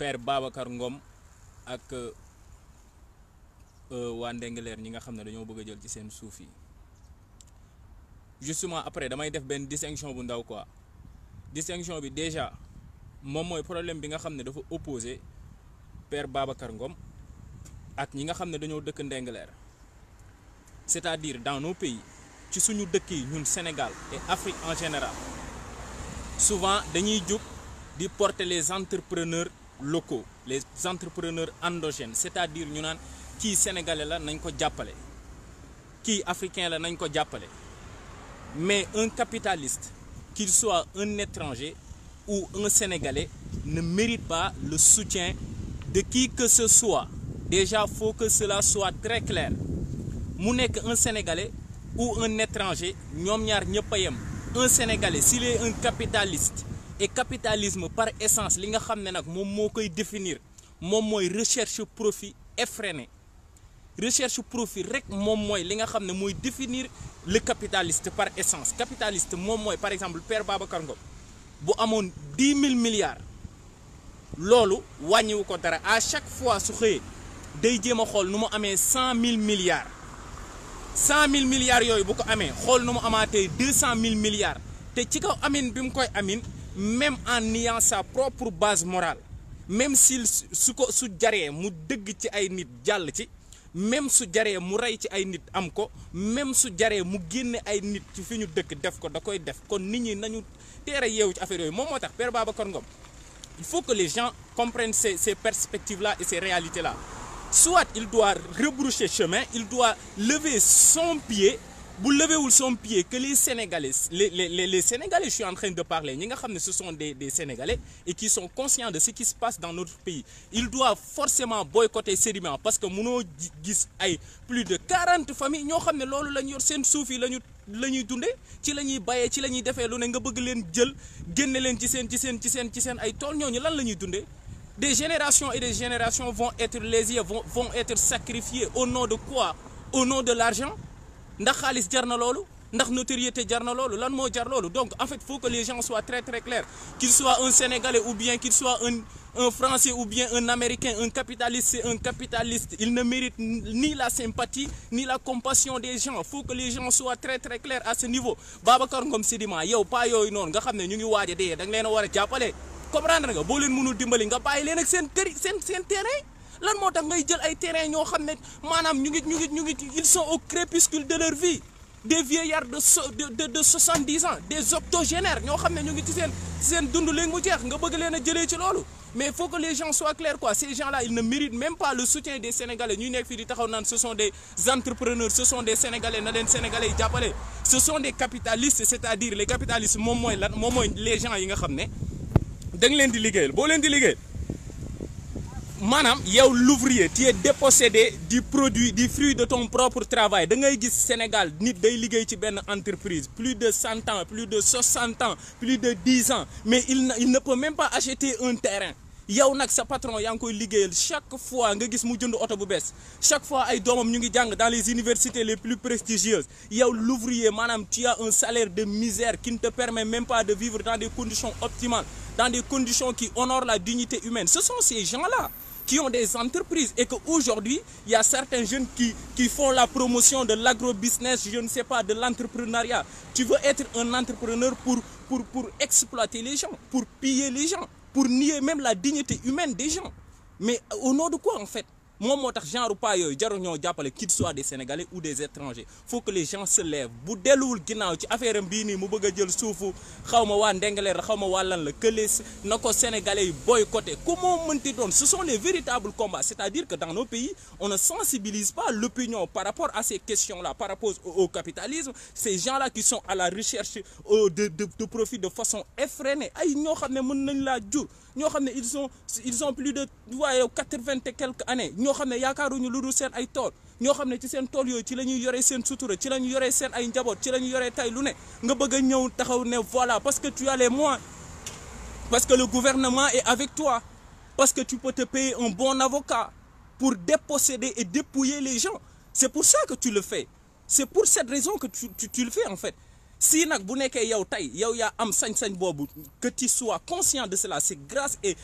père Babacar Ngom ak euh, euh, waa Ndengeleer ñi nga xam ne dañoo bëgg a jël ci seen suuf yi justement après damay def benn distinction bu ndaw quoi distinction bi déjà moom mooy problème bi nga xam ne dafa opposé per Babacar Ngom ak ñi nga xam ne dañoo dëkk Ndengeleer c'est-à-dire dans no pays ci suñu dëkk yi ñun Sénégal et Afrique en général souvent dañuy jóg di porter les entrepreneurs locaux les entrepreneurs endogènes c'est-à-dire ñu naan kii sénégalais la nañ ko jàppale kii africain la nañ ko jàppale mais un capitaliste qu'il soit un étranger ou un sénégalais ne mérite pas le soutien de qui que ce soit déjà faut que cela soit très clair mu nekk un sénégalais ou un étranger ñoom ñaar ñëpp yem un sénégalais s'il est un capitaliste et capitalisme par essence li nga xam ne nag moom moo koy définir moom mooy recherche profit effréné recherche profit rek moom mooy li nga xam ne mooy définir le capitaliste par essence capitaliste moom mooy par exemple per Babacar Ngom bu amoon dix mille milliards loolu wàññiwu ko dara à chaque fois su xëyee day jéem a xool nu mu amee cent mille milliards cent mille milliards yooyu bu ko amee xool nu mu amaatee deux cent mille milliards te ci kaw amin bi mu koy amin même en niant sa propre base morale même s'il su ko su jaree mu dëgg ci ay nit jàll ci même su jaree mu rey ci ay nit am ko même su jaree mu génne ay nit ci fi ñu dëkk def ko da koy def kon nit ñi nañu teel a yeewu ci affaire yooyu moom moo tax Père Babacar Ngom il faut que les gens comprennent ces ces perspectives la et ces réalités là soit il doit rebrousser chemin il doit lever son pied bu levewul son pied que les sénégalais les les les sénégalais je suis en train de parler ñi nga xam ne ce sont des des sénégalais et qui sont conscients de ce qui se passe dans notre pays ils doivent forcément boycotter Sedima parce que mënoo gis ay plus de quarante famille ñoo xam ne loolu la ñu yor seen suuf yi la ñu la ñuy dundee ci la ñuy bayee ci la ñuy defee lu ne nga bëgg leen jël génne leen ci seen ci ci seen ci seen ay tool ñooñu lan la ñuy dundee. des générations et des générations vont être lésées von vont être sacrifiées au nom de quoi au nom de l'argent ndax xaalis jar na loolu ndax notoriété jar na loolu lan moo jar loolu donc en fait faut que les gens soient très très clairs qu'il soit un sénégalais ou bien qu'il soit un un français ou bien un américain un capitaliste c'est un capitaliste il ne mérite ni la sympathie ni la compassion des gens faut que les gens soient très très clairs à ce niveau Babacar Ngom Sidima yow pas yooyu noonu nga xam ne ñu ngi waaj a dee da nga leen a war a jàppale comprendre nga boo leen mënul dimbali nga bàyyi leen ak seen kër seen seen terrain lan moo tax ngay jël ay terrain ñoo xam ne maanaam ñu ngi ñu ngi ñu ngi ils sont au crépuscule de leur vie des vieillards de soixante dix ans des octogénaires ñoo xam ne ñu ngi ci seen seen dund léegi mu jeex nga bëgg leen a jëlee ci loolu mais il faut que les gens soient clairs quoi ces gens là ils ne méritent même pas le soutien des sénégalais ñuy nekk fii di taxaw naan ce sont des entrepreneurs ce sont des sénégalais na leen sénégalais yi ce sont des capitalistes c'est-à-dire moom mooy lan moom mooy les gens nga xam ne da leen di liggéeyal boo leen di liggéeyal maanaam yow l'ouvrier tu es dépossédé du produit du fruit de ton propre travail da ngay gis Sénégal nit day liggéey ci benn entreprise plus de cent ans plus de soixante ans plus de dix ans mais il ne peut même pas acheter un terrain yow nag sa patron yaa ngi koy liggéeyal chaque fois nga gis mu jënd oto bu bees chaque fois ay doomam ñu ngi jàng dans les universités les plus prestigieuses yow l'ouvrier maanaam tu as un salaire de misère qui ne te permet même pas de vivre dans des conditions optimales dans qui ont des entreprises et qu'aujourd'hui, il y a certains jeunes qui, qui font la promotion de l'agrobusiness, je ne sais pas, de l'entrepreneuriat. Tu veux être un entrepreneur pour, pour, pour exploiter les gens, pour piller les gens, pour nier même la dignité humaine des gens. Mais au nom de quoi en fait moom moo tax genre pas yooyu jarul ñoo jàppale qu'ils soient des sénégalais ou des étrangers faut que les gens se lèvent bu delluwul ginnaaw ci affaire am mu bëgg a jël suufu xaw ma waa ndengaleer xaw ma waa lan la que les na ko sénégalais yi boycotté ku moo mënti doon ce sont les véritables combats c'est-à-dire que dans nos pays on ne sensibilise pas l'opinion par rapport à ces questions là par rapport au capitalisme ces gens là qui sont à la recherche euh, de de xam ne mën nañ laa jur xam ne ils ont ils ont ñoo xam ne yaakaaruñu lu dul seen ay tool ñoo xam ne ci seen tool yooyu ci la ñuy yoree seen sutura ci la ñu yoree seen ay njaboot ci la ñu yoree tay lu ne nga bëgg a ñëw taxaw ne voilà parce que tu as les moyens parce que le gouvernement est avec toi parce que tu peux te payer un bon avocat pour déposséder et dépouiller les gens c'est pour ça que tu le fais c'est pour cette raison que tu, tu, tu le fais en fait si nag bu nekkee yow tey yow yaa am sañ-sañ boobu que tu sois conscient de cela c'est grâce et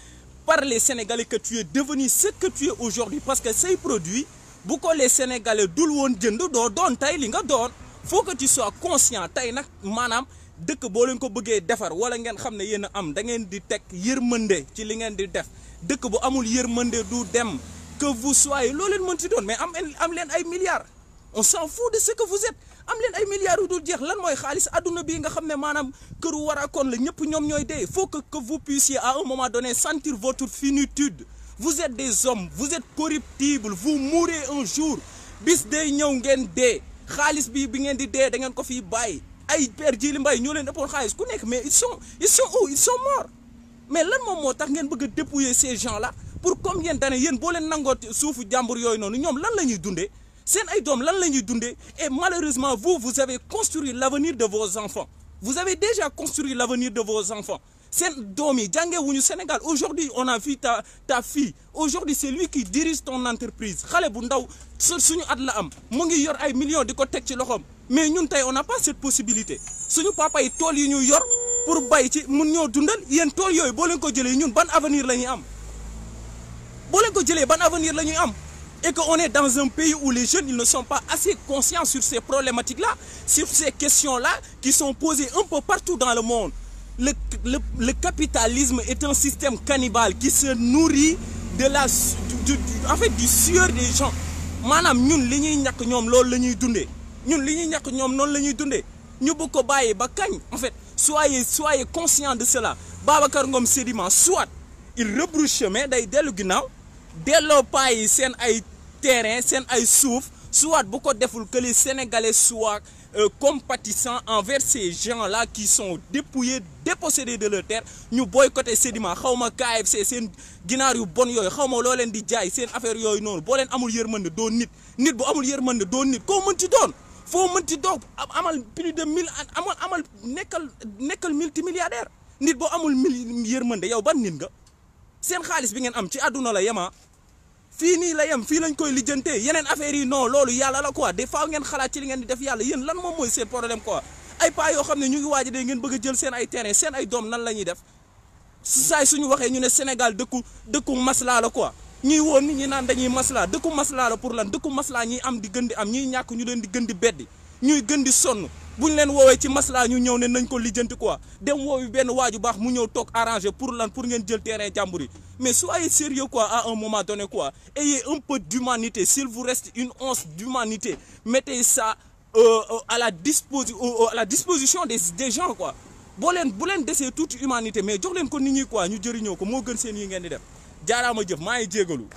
par les Sénégalais que tu es devenu ce que tu es aujourd'hui parce que ces produits bu ko les Sénégalais dul woon jënd doo doon tey li nga doon foo que tu sois conscient tey nag maanaam dëkk boo leen ko bëggee defar wala ngeen xam ne yéen a am da ngeen di teg yërmande ci li ngeen di def dëkk bu amul yërmande du dem que vous soyez loo leen mën ci doon mais am am leen ay milliards on s'en fout de ce que vous am leen ay milliards yu dul jeex lan mooy xaalis adduna bi nga xam ne maanaam këru waraakoon la ñëpp ñoom ñooy dee il faut que que vous puissiez à un moment donné sentir votre finitude vous êtes des hommes vous êtes corruptibles vous mourrez un jour bis day ñëw ngeen dee xaalis bi bi ngeen di dee da ngeen ko fiy bàyyi ay père Djili Mbaye ñoo leen ëppoon xaalis ku nekk mais ils sont ils sont où ils sont morts mais lan moom moo tax ngeen bëgg a dépouiller ces gens là pour combien d'années yéen boo leen nangoot suufu jàmbur yooyu noonu ñoom lan la ñuy dundee. seen ay doom lan la ñuy dundee et malheureusement vous vous avez construit l'avenir de vos enfants vous avez déjà construit l'avenir de vos enfants seen doom yi jàngeewuñu wuñu Sénégal aujourd'hui on a vu ta ta fille aujourd'hui c'est lui qui dirige ton entreprise xale bu ndaw suñu at la am mu ngi yor ay millions di ko teg ci loxoom mais ñun tey on n'a pas cette possibilité suñu papa yi tool yi ñu yor pour bay ci mun ñëw dundal yéen tool yooyu boo leen ko jëlee ñun ban avenir la ñuy am boo leen ko jëlee ban avenir la ñuy am. et qu'on est dans un pays où les jeunes ils ne sont pas assez conscients sur ces problématiques-là, sur ces questions-là qui sont posées un peu partout dans le monde. Le, le, le capitalisme est un système cannibale qui se nourrit de la du, du, en fait du sueur des gens maanaam ñun li ñuy ñàkk ñoom loolu la ñuy dundee ñun li ñuy ñàkk ñoom noonu la ñuy dundee ñu ko bàyyi ba kañ en fait soyez soyez conscient de cela Babacar Ngom Sedima soit il rebrousse chemin day dellu ginnaaw delloo paa yi seen ay. terrain seen ay suuf soit bu ko deful que les sénégalais soient euh, compatissants envers ces gens là qui sont dépouillés dépossédés de leur terre ñu boycotté Sedima xaw ma KFC seen ginaar yu bon yooyu xaw ma loo leen di jaay seen affaire yooyu noonu boo leen amul yërmande doon nit nit bu amul yërmande doon nit koo mën ci doon foo mën ci doog amal plus de mille amal amal nekkal nekkal multimilliardaire nit boo amul mille yërmande yow ban nit nga seen xaalis bi ngeen am ci àdduna la yema ah. fii nii la yem fii lañ koy lijjantee yeneen affaires yi non loolu yàlla la quoi des fois ngeen xalaat ci li ngeen di def yàlla yéen lan xam ne ñu ngi waaj de ngeen bëgg a jël seen ay terrain seen ay doom nan la ñuy def saay suñu waxee ñu ne Sénégal dëkku dëkku maslaa la quoi ñuy woon nit ñi naan dañuy maslaa dëkku maslaa la pour lan dëkku maslaa ñu am di gën di am ñiy ñàkk ñu leen di gën di beddi ñuy gën di sonn bu ñu leen woowee ci maslaa ñu ñëw ne nañ ko lijjanti quoi dem woowu benn waaju baax mu ñëw toog arrangé pour lan pour ngeen jël jàmbur yi Mais soyez sérieux quoi à un moment donné quoi. Ayez un peu d'humanité. S'il vous reste une once d'humanité, mettez ça euh, euh à, la la disposition des, des gens quoi. boo leen bu leen desee toute humanité mais jox leen ko nit ñi quoi ñu jëriñoo ko moo gën seen yi ngeen di def jaaraama jëf maa ngi jégalu